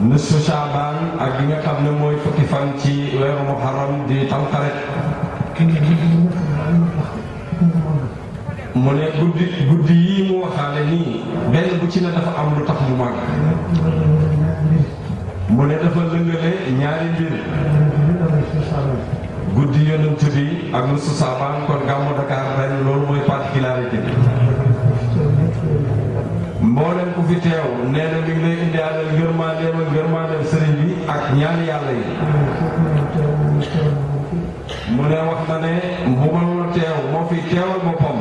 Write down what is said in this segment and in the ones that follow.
nisfu Shaaban ak bi nga xam ne mooy fukki fan ci weeru muharram di tamxarit mu ne guddi guddi yi mu waxaale nii benn bu ci ne dafa am lu tax mu màgg mu ne dafa lëngale ñaari mbir guddi yonent bi ak nisfu Shaaban kon gàmmu Dakar ren loolu mooy particularité bi ku fi teew nee na mi ngi lay indi alal ak ngërmandeem sëriñ bi yi mu ne wax na ne bu ma teew moo fi teewal boppam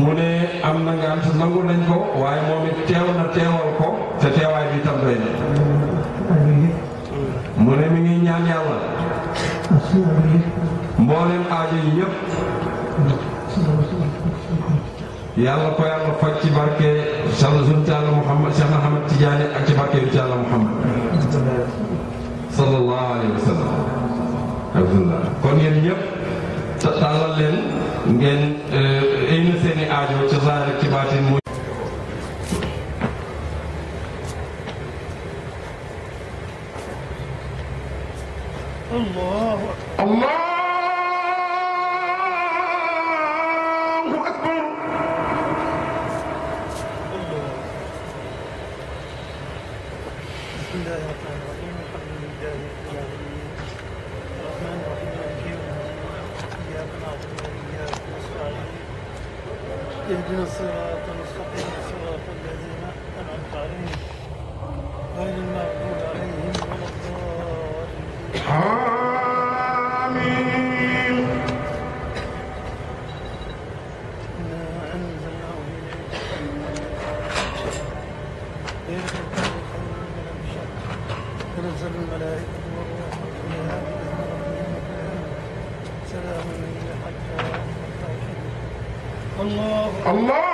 mu ne am na ngant nangu nañ ko waaye moom it teew na teewal ko te teewaay bi tam doy mu ne mi ngi ñaan yàlla mboolem aajo yi yëpp yàlla ko yàlla faj ci barke sall sun ci yàlla Muhammad Cheikh Ahmad Tidiane barke yu ci yàlla Muhammad sallallahu alayhi kon yéen ñëpp taalal leen ngeen ay euh, aajo ci zaahir ak ci baatin Allah اهدنا الصراط المستقيم صراط الذين انعمت عليهم غير المغضوب عليهم ولا آمين إنا أنزلناه إليك تنزل الملائكة والروح فيها بإذن ربهم سلام هي حتى الله الله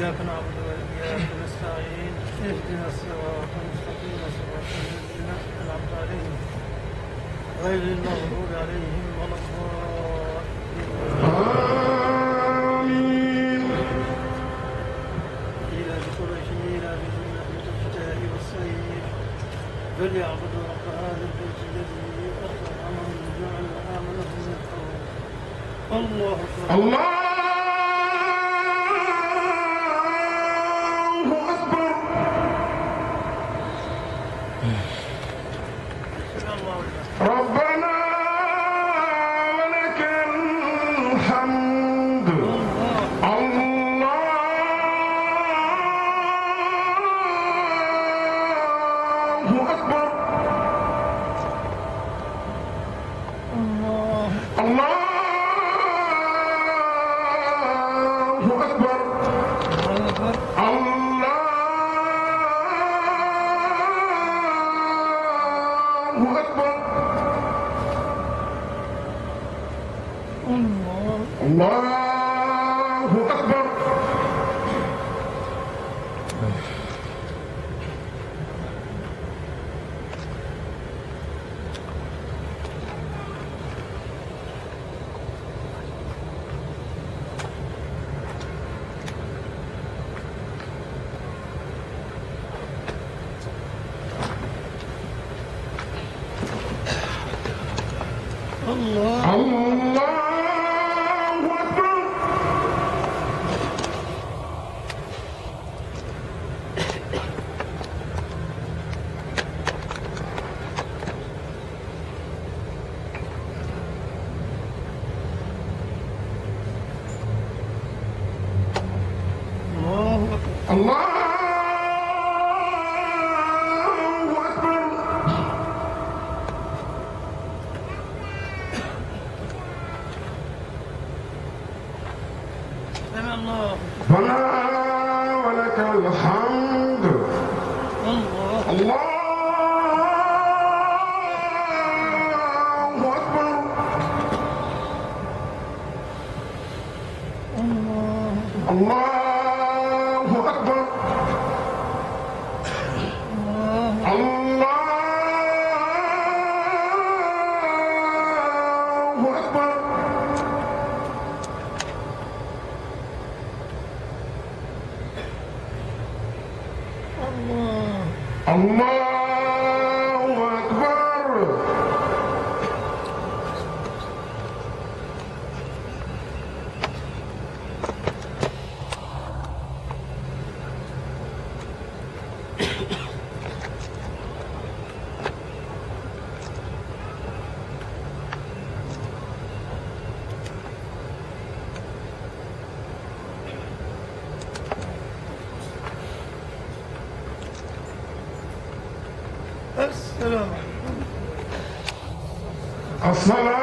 إياك نعبد وإياك نستعين اهدنا الصراط المستقيم صراط الذين أنعمت عليهم غير المغضوب عليهم ولا آمين إلى قريش إلى بجنة الشتاء والصيف فليعبدوا رب هذا البيت الذي أطعمهم من جوع وآمنهم من خوف الله أكبر الله alhamdulillah الله أكبر Allah الله أكبر الصلاة